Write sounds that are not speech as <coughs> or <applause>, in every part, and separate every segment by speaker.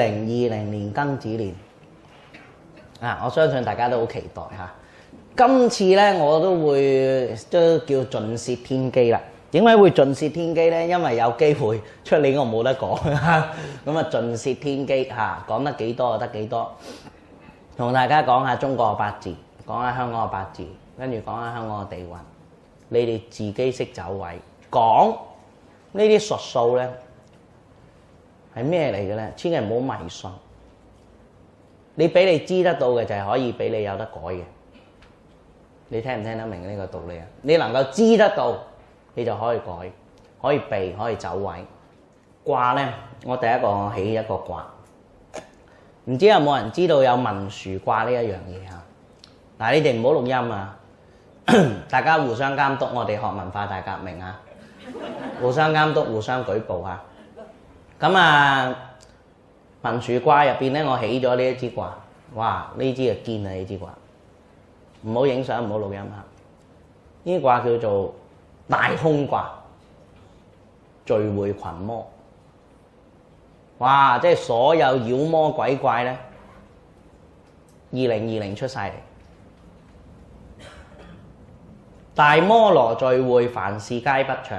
Speaker 1: 二零二零年庚子年啊，我相信大家都好期待吓，今次呢，我都會都叫盡泄天機啦。點解會盡泄天機呢？因為有機會出年我冇得講。咁啊，盡泄天機吓，講得幾多就得幾多。同大家講下中國嘅八字，講下香港嘅八字，跟住講下香港嘅地運。你哋自己識走位，講呢啲術數呢。係咩嚟嘅咧？千祈唔好迷信。你俾你知得到嘅就係可以俾你有得改嘅。你聽唔聽得明呢個道理啊？你能夠知得到，你就可以改，可以避，可以走位。卦咧，我第一個起一個卦。唔知有冇人知道有文殊卦呢一樣嘢啊？嗱，你哋唔好錄音啊！ <coughs> 大家互相監督，我哋學文化大革命啊！互相監督，互相舉報啊！咁啊，文殊卦入面咧，我起咗呢一支卦。哇，呢支啊堅啊呢支卦，唔好影相，唔好錄音嚇。呢卦叫做大空卦，聚會群魔。哇！即係所有妖魔鬼怪咧，二零二零出曬嚟，大摩羅聚會，凡事皆不祥。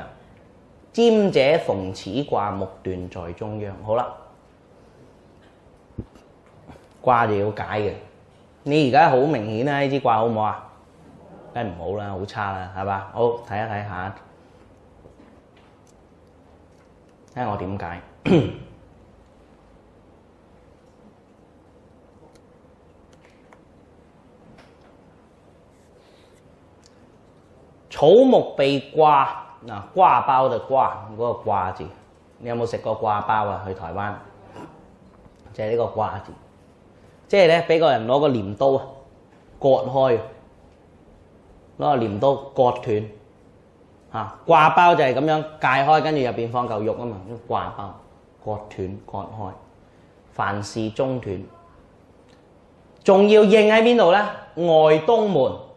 Speaker 1: 占者逢此卦，木斷在中央。好啦，卦就要解嘅。你而家好明顯啦！呢支卦好唔好啊？梗係唔好啦，好差啦，係嘛？好，睇一睇下，睇下我點解草木被掛。嗱，掛包就掛嗰個掛字，你有冇食過掛包啊？去台灣就係呢個掛字，即係咧俾個人攞個鐮刀割開，攞個鐮刀割斷嚇。掛包就係咁樣解開，跟住入邊放嚿肉啊嘛，掛包割斷割開，凡事中斷，仲要應喺邊度咧？外東門。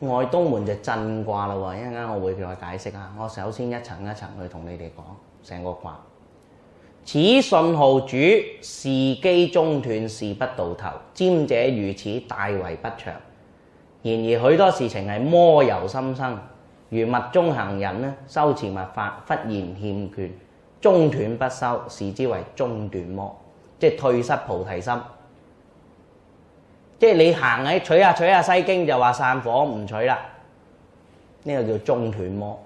Speaker 1: 外東門就震卦啦，一陣間我會再解釋啊。我首先一層一層去同你哋講成個卦。此信號主時機中斷，事不到頭，占者如此，大為不詳。然而許多事情係魔由心生，如密中行人呢，修持密法忽然欠缺，中斷不修，視之為中斷魔，即退失菩提心。即係你行喺取下、啊、取下、啊《西經》就話散夥唔取啦，呢、這個叫中斷魔。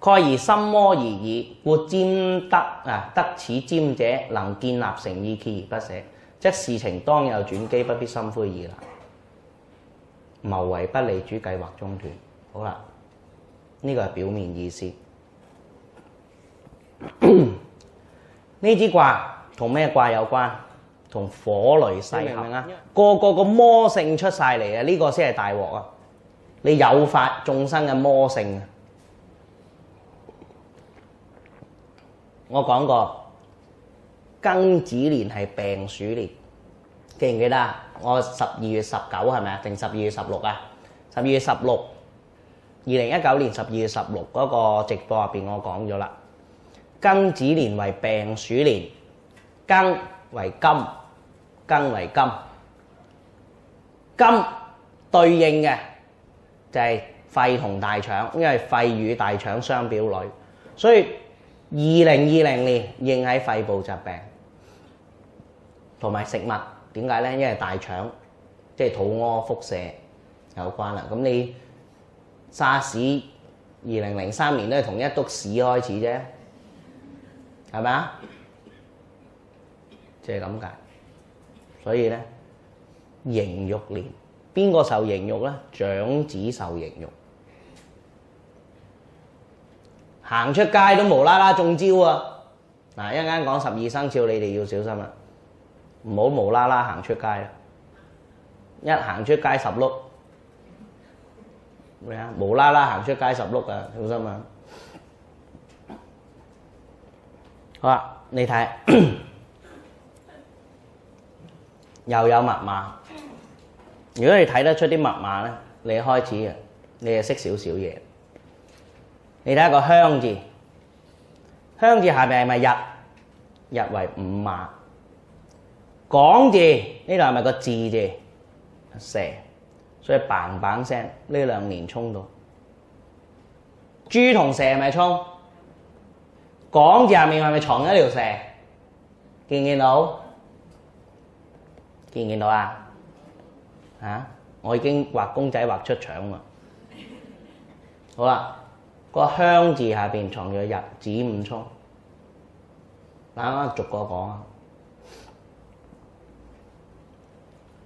Speaker 1: 蓋而心魔而已，或占得啊，得此占者能建立誠意。鍥而不捨，即事情當有轉機，不必心灰意冷。謀為不利，主計劃中斷。好啦，呢、這個係表面意思。呢支卦同咩卦有關？同火雷噬嗑啊！個個個魔性出晒嚟啊！呢、這個先係大鑊啊！你誘發眾生嘅魔性啊！我講過庚子年係病鼠年，記唔記得啊？我十二月十九係咪啊？定十二月十六啊？十二月十六，二零一九年十二月十六嗰個直播入邊我講咗啦。庚子年為病鼠年，庚為金。更為金，金對應嘅就係肺同大腸，因為肺與大腸相表裏，所以二零二零年應喺肺部疾病同埋食物。點解呢？因為大腸即係肚屙、腹瀉有關啦。咁你沙士二零零三年都係同一篤屎開始啫，係咪啊？就係咁解。所以咧，刑獄年，邊個受刑獄咧？長子受刑獄，行出街都無啦啦中招啊！嗱，一陣間講十二生肖，你哋要小心啦，唔好無啦啦行出街啦，一行出街十碌，咩啊？無啦啦行出街十碌啊！小心啊！好啦，你睇。又有密碼。如果你睇得出啲密碼咧，你開始啊，你就識少少嘢。你睇下個香字，香字下邊係咪日？日為五馬。港字呢度係咪個字字蛇？所以棒棒聲呢兩年衝到豬同蛇係咪衝？港字下面係咪藏咗一條蛇？見唔見到？見唔見到啊，啊？我已經畫公仔畫出腸喎。好啦，個香字下面藏咗日字，啊，子午沖。啱啱逐個講啊。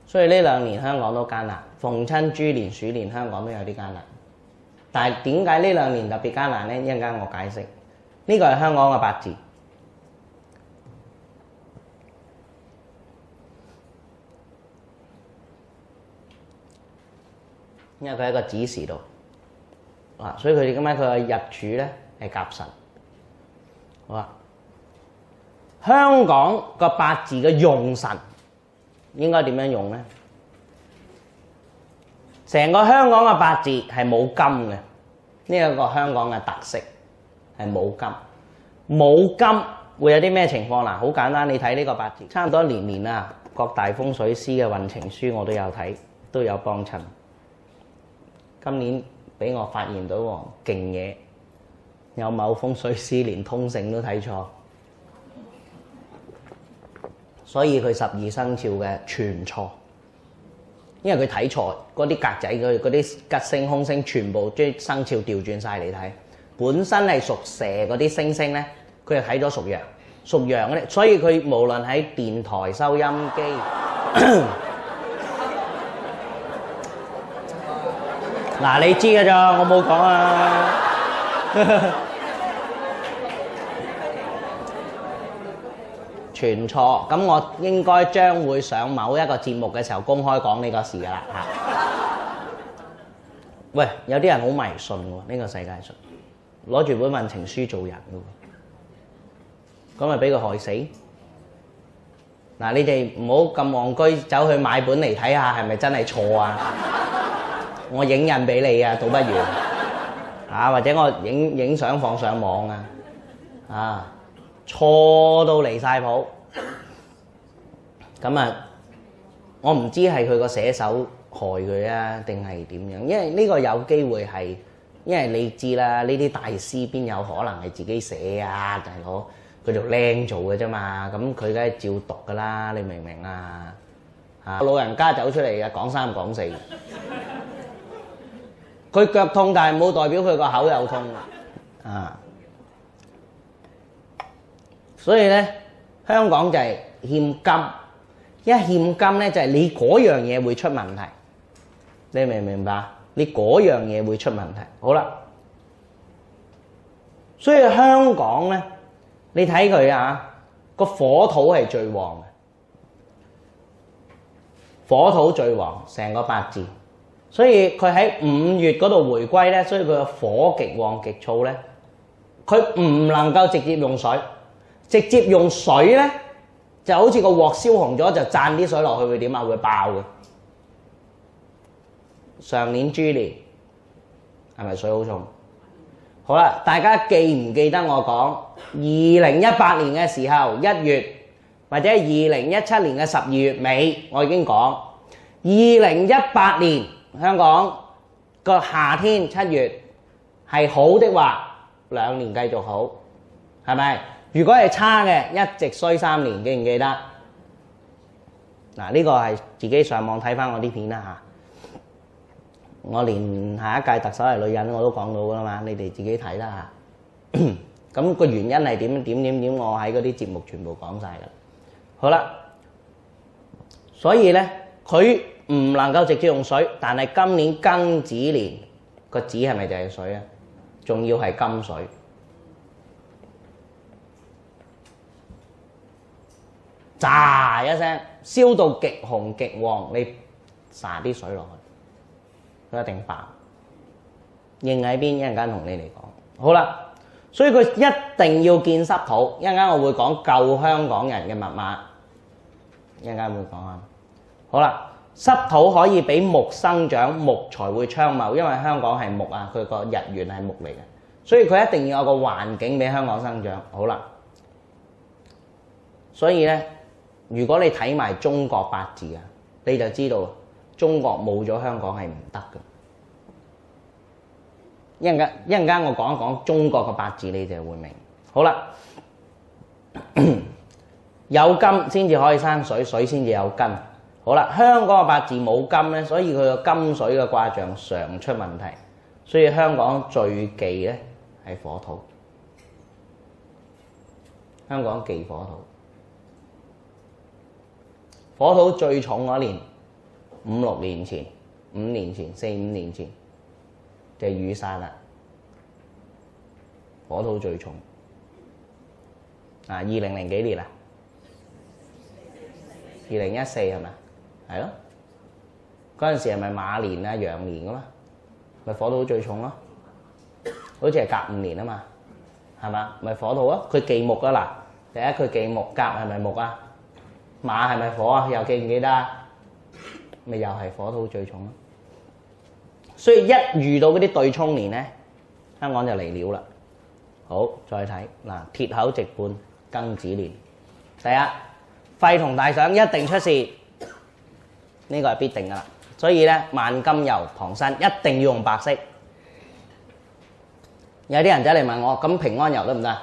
Speaker 1: 所以呢兩年香港都艱難，逢親豬年鼠年香港都有啲艱難。但係點解呢兩年特別艱難咧？一陣間我解釋。呢個係香港嘅八字。因為佢喺個子時度，啊，所以佢哋今晚佢嘅日柱咧係甲神好啊。香港個八字嘅用神應該點樣用咧？成個香港嘅八字係冇金嘅，呢一個香港嘅特色係冇金，冇金會有啲咩情況嗱？好簡單，你睇呢個八字，差唔多年年啊，各大風水師嘅運程書我都有睇，都有幫襯。今年俾我發現到勁嘢，有某風水師連通勝都睇錯，所以佢十二生肖嘅全錯，因為佢睇錯嗰啲格仔，佢嗰啲吉星空星全部將生肖調轉晒嚟睇，本身係屬蛇嗰啲星星呢，佢係睇咗屬羊，屬羊呢，所以佢無論喺電台收音機。 <laughs> 嗱，你知㗎咋，我冇講啊。全錯，咁我應該將會上某一個節目嘅時候公開講呢個事㗎喇。嚇，喂，有啲人好迷信喎，呢個世界上，攞住本運程書做人㗎喎，咁咪俾佢害死。嗱，你哋唔好咁戇居，走去買本嚟睇下，係咪真係錯啊？我影印俾你啊，倒不如嚇，或者我影影相放上網啊，啊錯到離曬譜，咁啊，我唔知係佢個寫手害佢啊，定係點樣？因為呢個有機會係，因為你知啦，呢啲大師邊有可能係自己寫啊？大佬佢做靚做嘅啫嘛，咁佢梗係照讀噶啦，你明唔明啊？嚇，老人家走出嚟啊，講三講四。佢腳痛，但係冇代表佢個口又痛啊！所以咧，香港就係欠金，一欠金咧就係你嗰樣嘢會出問題，你明唔明白？你嗰樣嘢會出問題。好啦，所以香港咧，你睇佢啊，個火土係最旺嘅，火土最旺，成個八字。所以佢喺五月嗰度回歸呢。所以佢個火極旺極燥呢。佢唔能夠直接用水，直接用水呢就好似個鑊燒紅咗就攢啲水落去會點啊？會爆嘅。上年豬年係咪水好重？好啦，大家記唔記得我講二零一八年嘅時候一月或者二零一七年嘅十二月尾，我已經講二零一八年。香港個夏天七月係好的話，兩年繼續好，係咪？如果係差嘅，一直衰三年，記唔記得？嗱，呢個係自己上網睇返我啲片啦吓。我連下一屆特首係女人我都講到㗎喇嘛，你哋自己睇啦吓。咁個原因係點？點點點？我喺嗰啲節目全部講晒啦。好啦，所以呢，佢。唔能夠直接用水，但係今年庚子年個子係咪就係水啊？仲要係金水，炸一聲燒到極紅極黃，你撒啲水落去，佢一定爆。認喺邊一陣間同你嚟講。好啦，所以佢一定要見濕土，一陣間我會講舊香港人嘅密碼，會會一陣間會講啊。好啦。濕土可以俾木生長，木才會昌茂，因為香港係木啊，佢個日元係木嚟嘅，所以佢一定要有個環境俾香港生長。好啦，所以咧，如果你睇埋中國八字啊，你就知道中國冇咗香港係唔得㗎。一陣間，一陣間我講一講中國嘅八字，你就會明。好啦，有金先至可以生水，水先至有根。好啦，香港嘅八字冇金咧，所以佢嘅金水嘅卦象常出問題，所以香港最忌咧係火土。香港忌火土，火土最重嗰年五六年前、五年前、四五年前就是、雨傘啦。火土最重啊！二零零幾年啦，二零一四係嘛？係咯、啊，嗰陣時係咪馬年啊，羊年噶嘛，咪、啊、火土最重咯、啊，好似係隔五年啊嘛，係嘛，咪火土啊，佢忌木噶、啊、啦第一佢忌木，隔係咪木啊，馬係咪火啊，又記唔記得啊？咪又係火土最重咯、啊，所以一遇到嗰啲對沖年咧，香港就嚟料啦。好，再睇嗱，鐵口直判庚子年，第一廢同大響一定出事。呢個係必定㗎喇，所以咧，萬金油旁身一定要用白色。有啲人走嚟問我，咁平安油得唔得？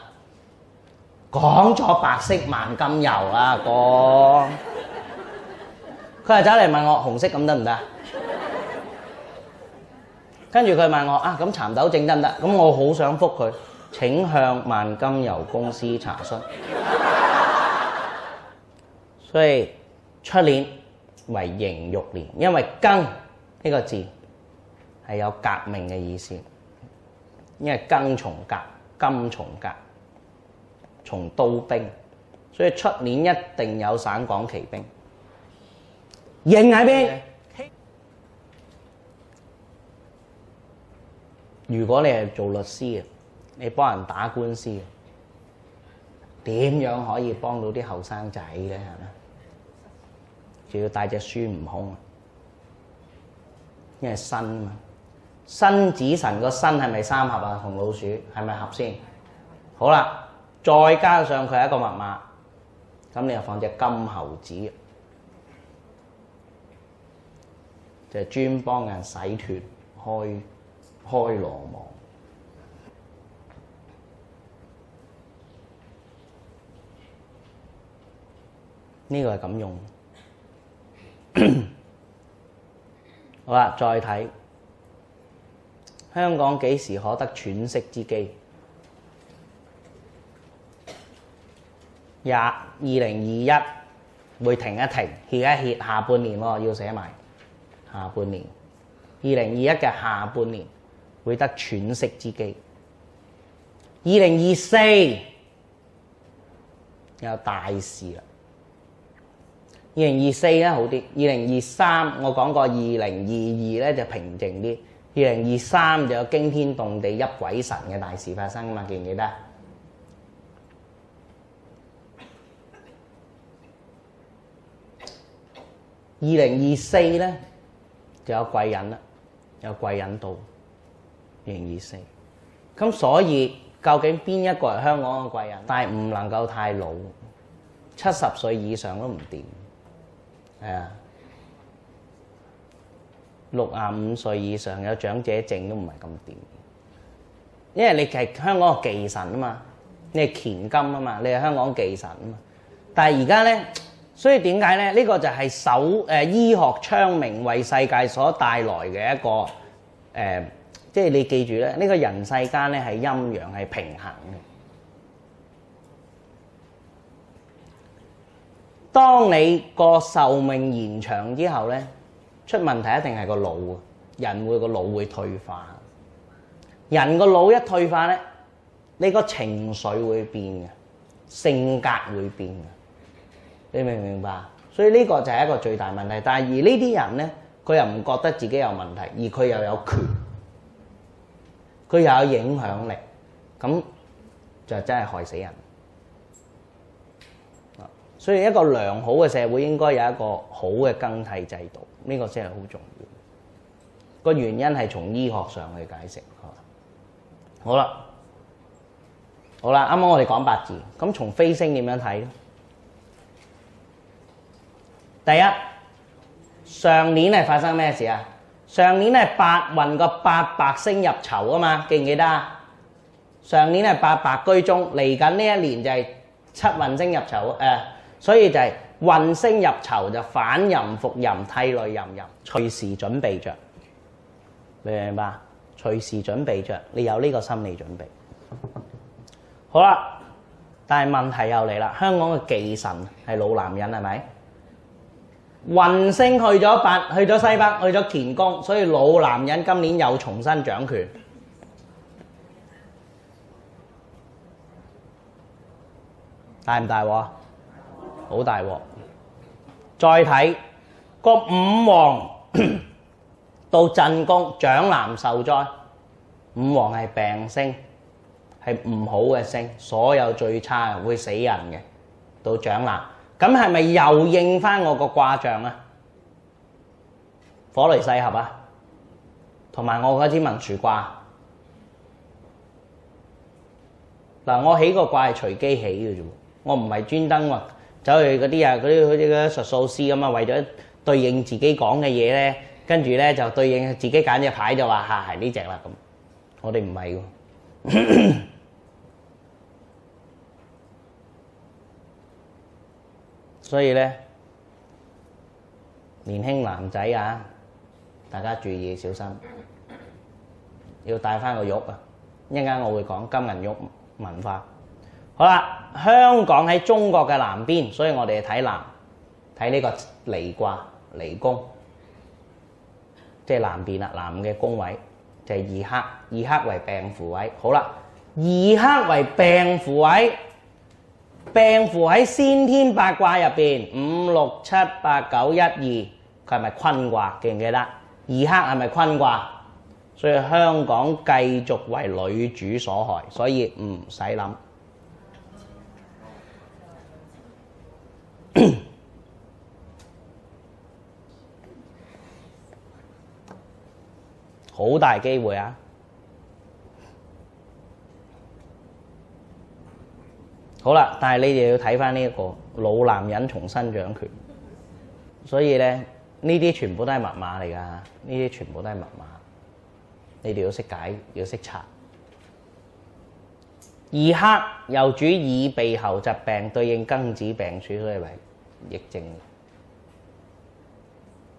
Speaker 1: 講咗白色萬金油啊，講。佢又走嚟問我，紅色咁得唔得？跟住佢問我啊，咁蠶豆症得唔得？咁我好想覆佢，請向萬金油公司查詢。所以出年，為刑獄年，因為庚呢個字係有革命嘅意思，因為庚從革，金從革，從刀兵，所以出年一定有省港奇兵。刑喺邊？如果你係做律師嘅，你幫人打官司，點樣可以幫到啲後生仔咧？係嘛？就要帶隻孫悟空啊，因為申嘛，申子辰個申」係咪三合啊？同老鼠係咪合先？好啦，再加上佢係一個密碼，咁你又放隻金猴子，就是，專幫人洗脫開開羅網。呢、這個係咁用的。 <coughs> 好啦，再睇香港幾時可得喘息之機？廿二零二一會停一停，歇一歇，下半年喎，要寫埋下半年，二零二一嘅下半年會得喘息之機。二零二四有大事啦。二零二四咧好啲，二零二三我講過，二零二二咧就平靜啲，二零二三就有驚天動地泣鬼神嘅大事發生，嘛。記唔記得？二零二四咧就有貴人啦，有貴人到二零二四。咁所以究竟邊一個係香港嘅貴人？但係唔能夠太老，七十歲以上都唔掂。係啊，六啊五歲以上有長者證都唔係咁掂，因為你係香港嘅忌神啊嘛，你係乾金啊嘛，你係香港忌神啊嘛。但係而家咧，所以點解咧？呢、這個就係首誒醫學昌明為世界所帶來嘅一個誒，即係你記住咧，呢、這個人世間咧係陰陽係平衡嘅。當你個壽命延長之後咧，出問題一定係個腦啊！人會個腦會退化，人個腦一退化咧，你個情緒會變嘅，性格會變嘅，你明唔明白？所以呢個就係一個最大問題。但係而呢啲人咧，佢又唔覺得自己有問題，而佢又有權，佢又有影響力，咁就真係害死人。所以一個良好嘅社會應該有一個好嘅更替制度，呢個先係好重要。個原因係從醫學上去解釋。好啦，好啦，啱啱我哋講八字，咁從飛星點樣睇咧？第一上年係發生咩事啊？上年咧八運個八白星入囚啊嘛，記唔記得啊？上年咧八白居中，嚟緊呢一年就係七運星入囚誒。所以就係運星入囚，就反吟伏吟替類吟吟，隨時準備着。明唔明白？隨時準備着，你有呢個心理準備。好啦，但係問題又嚟啦，香港嘅忌神係老男人係咪？運星去咗北，去咗西北，去咗乾宮，所以老男人今年又重新掌權大不大，大唔大喎？好大鑊！再睇個五黃到震宮，長男受災。五黃係病星，係唔好嘅星，所有最差會死人嘅到長男。咁係咪又應翻我個卦象啊？火雷噬嗑啊，同埋我嗰支文殊卦。嗱，我起個卦係隨機起嘅啫，我唔係專登喎。走去嗰啲啊，嗰啲好似個術數師咁啊，為咗對應自己講嘅嘢咧，跟住咧就對應自己揀隻牌，就話嚇係呢隻啦咁。我哋唔係喎，所以咧年輕男仔啊，大家注意小心，要帶翻個玉啊！一陣間我會講金銀玉文化。好啦。香港喺中國嘅南邊，所以我哋睇南睇呢個離卦離宮，即係南邊啦。南嘅宮位就係二黑，二黑為病符位。好啦，二黑為病符位，病符喺先天八卦入邊五六七八九一二，佢係咪坤卦？記唔記得？二黑係咪坤卦？所以香港繼續為女主所害，所以唔使諗。好 <coughs> 大機會啊！好啦，但係你哋要睇返呢一個老男人重新掌權，所以咧呢啲全部都係密碼嚟㗎，呢啲全部都係密碼，你哋要識解，要識拆。而黑又主耳鼻喉疾病，對應庚子病處，所以為疫症年。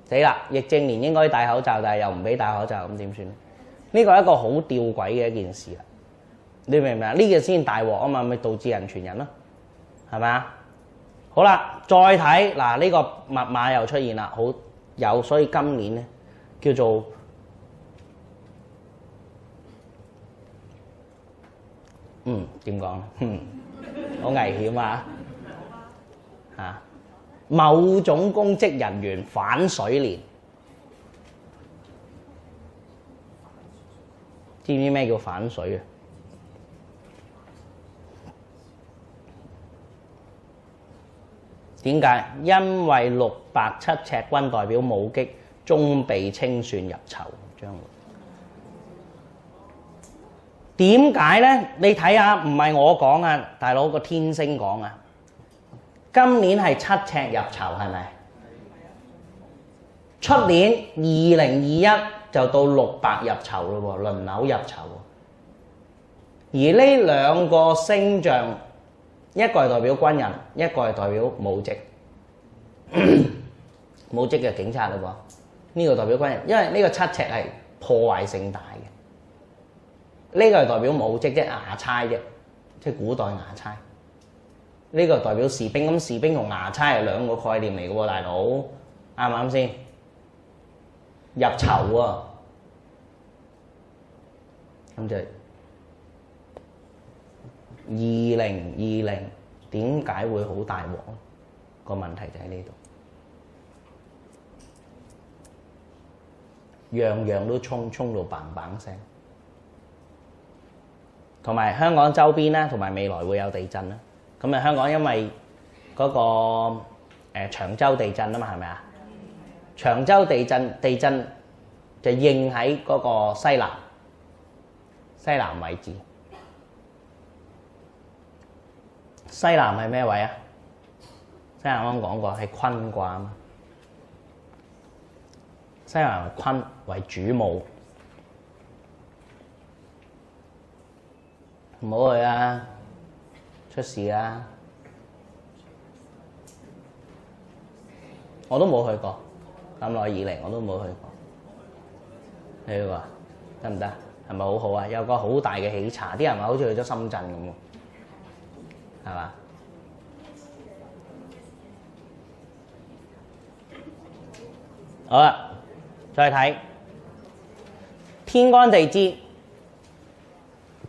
Speaker 1: 死啦！疫症年應該戴口罩，但係又唔俾戴口罩，咁點算？呢、這個係一個好吊詭嘅一件事啊！你明唔明啊？呢、這個、件先大鑊啊嘛，咪導致人傳人咯，係咪啊？好啦，再睇嗱，呢、這個密碼又出現啦，好有，所以今年咧叫做。嗯，點講？嗯，好危險啊！嚇、啊，某種公職人員反水連，知唔知咩叫反水啊？點解？因為六百七尺軍代表武擊，終被清算入囚，將會。點解呢？你睇下，唔係我講啊，大佬個天星講啊。今年係七赤入囚係咪？出年二零二一就到六白入囚咯喎，輪流入囚。而呢兩個星象，一個係代表軍人，一個係代表武職。 <laughs> 武職嘅警察嘞喎，呢、呢個代表軍人，因為呢個七赤係破壞性大嘅。呢個係代表武職啫，即係衙差啫，即係古代衙差。呢個代表士兵，咁士兵同衙差係兩個概念嚟嘅喎，大佬。啱唔啱先？入巢啊！咁就二零二零，點解會好大鑊咧？個問題就喺呢度，樣樣都衝衝到棒棒聲。同埋香港周邊咧，同埋未來會有地震咧。咁啊，香港因為嗰個誒長洲地震啊嘛，係咪啊？長洲地震，地震就應喺嗰個西南西南位置。西南係咩位啊？西南剛講過係坤卦啊嘛。西南為坤為主母。唔好去啊！出事啊！我都冇去過，咁耐以嚟我都冇去過。你去過得唔得？係咪好好啊？有個好大嘅喜茶，啲人話好似去咗深圳咁喎，係嘛？好啦，啊、再睇天干地支。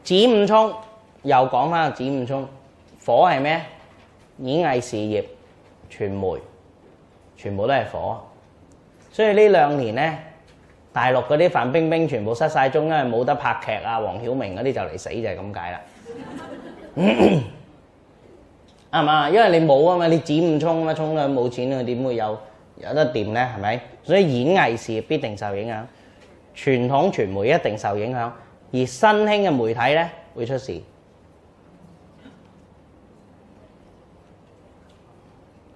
Speaker 1: 子午衝又講翻個子午衝，火係咩？演藝事業、傳媒，全部都係火。所以呢兩年咧，大陸嗰啲范冰冰全部失晒蹤咧，因為冇得拍劇啊！黃曉明嗰啲就嚟死就係咁解啦。啊 <laughs> 因為你冇啊嘛，你子午衝啊嘛，衝量冇錢啊，點會有有得掂咧？係咪？所以演藝事業必定受影響，傳統傳媒一定受影響。而新興嘅媒體呢會出事。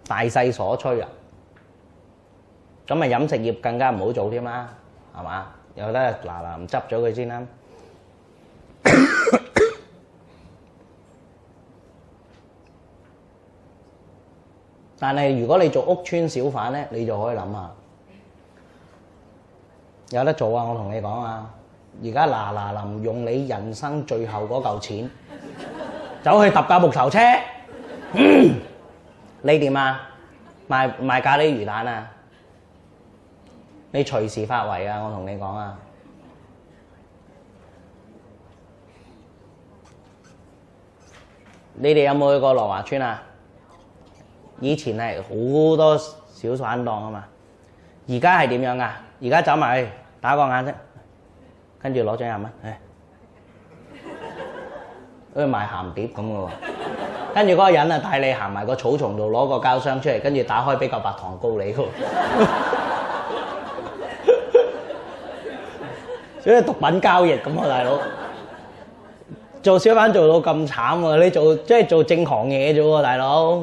Speaker 1: 大勢所趨啊。咁啊，飲食業更加唔好做添啦，係嘛？有得嗱嗱唔執咗佢先啦。 <coughs> 而家嗱嗱臨用你人生最後嗰嚿錢，走去搭架木頭車，嗯、你點啊？賣賣咖喱魚蛋啊！你隨時發圍啊！我同你講啊！你哋有冇去過羅華村啊？以前係好多小散檔啊嘛，而家係點樣啊？而家走埋去打個眼先。跟住攞張廿蚊，誒、哎，去賣鹹碟咁嘅喎。跟住嗰個人啊，帶你行埋個草叢度，攞個膠箱出嚟，跟住打開俾嚿白糖糕你喎。所 <laughs> 以 <laughs> 毒品交易咁啊，大佬，做小販做到咁慘喎！你做即係做正行嘢啫喎，大佬。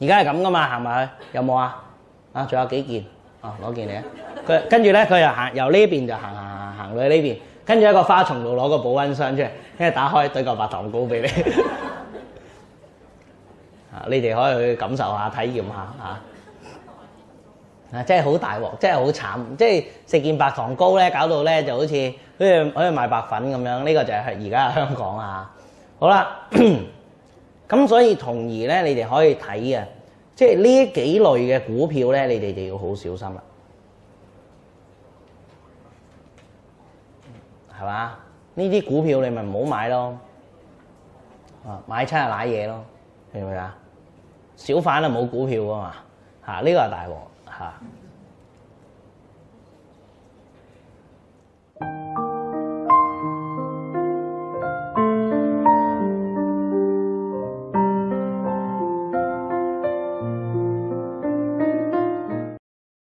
Speaker 1: 而家係咁㗎嘛，係咪？有冇啊？啊，仲有幾件？啊，攞件嚟啊！佢跟住咧，佢又行由呢邊就行行。呢邊，跟住一個花叢度攞個保溫箱出嚟，跟住打開，堆個白糖糕俾你。啊， <laughs> 你哋可以去感受一下、體驗一下嚇、啊。啊，真係好大鑊，真係好慘，即係食件白糖糕咧，搞到咧就好似好似好似賣白粉咁樣。呢、呢個就係而家香港嚇、啊。好啦，咁 <coughs> 所以同而咧，你哋可以睇啊，即係呢幾類嘅股票咧，你哋就要好小心啦。係嘛？呢啲股票你咪唔好買咯，啊、買親係賴嘢咯，明唔明啊？小販啊冇股票㗎嘛，吓呢個係大鑊吓。